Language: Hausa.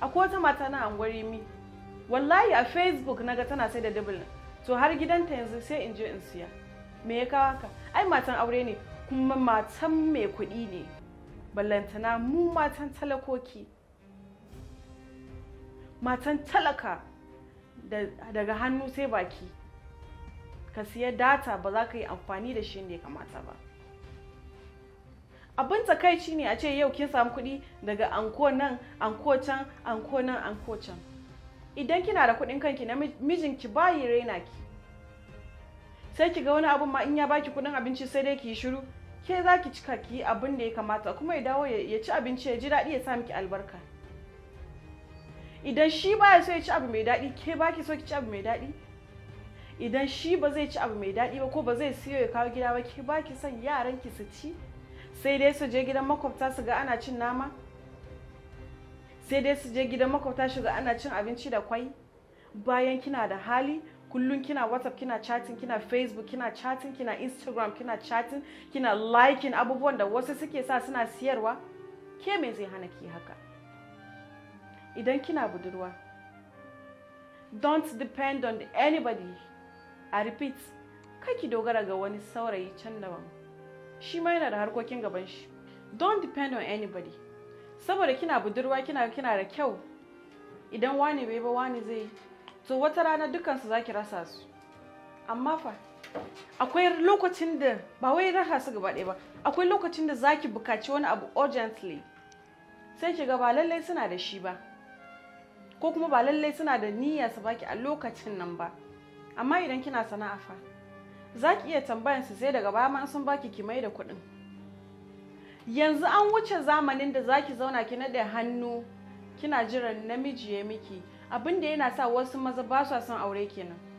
akwai wata mata na angwari mi wallahi a facebook naga tana sai da dublin to har gidanta yanzu sai in je in siya me ya kawo haka ai matan aure ne kuma matan mai kuɗi ne ballantana mu matan talakoki matan talaka daga hannu sai baki ka siya data ba za ka yi amfani da shi ne kamata ba abin takaici ne a ce yau kin samu kuɗi daga anko nan anko can anko nan anko can idan kina da kuɗin kanki na mijinki bayi raina ki sai ki ga wani abun ma in ya baki kuɗin abinci sai dai ki yi shiru ke za ki cika ki yi abin da ya kamata kuma ya dawo ya ci abinci ya ji daɗi ya sa miki albarka idan shi baya so ya ci abu mai daɗi ke baki so ki ci abu mai daɗi idan shi ba zai ci abu mai daɗi ba ko ba zai siyo ya kawo gida ba ke baki son yaran ki su ci sai dai su je gidan makwabta su ga ana cin nama sai dai su je gidan makwabta su ga ana cin abinci da kwai bayan kina da hali kullum kina whatsapp kina chatting kina facebook kina chatting kina instagram kina chatting kina liking abubuwan da wasu suke sa suna siyarwa ke me zai hana ki haka idan kina budurwa don't depend on anybody i repeat kai ki dogara ga wani saurayi can daban shi ma yana da harkokin gaban shi don't depend on anybody saboda kina budurwa kina kina da kyau idan wani bai ba wani zai to wata rana dukansu za ki rasa su amma fa akwai lokacin da ba wai rasa su gaba ɗaya ba akwai lokacin da za ki bukaci wani abu urgently sai ki ga ba lallai suna da shi ba ko kuma ba lallai suna da niyya su baki a lokacin nan ba amma idan kina sana'a fa za ki iya tambayan su sai daga baya man sun baki ki mai da kuɗin yanzu an wuce zamanin da zaki zauna ki naɗe hannu kina jiran namiji ya miki abinda yana sa wasu maza ba su son aure kenan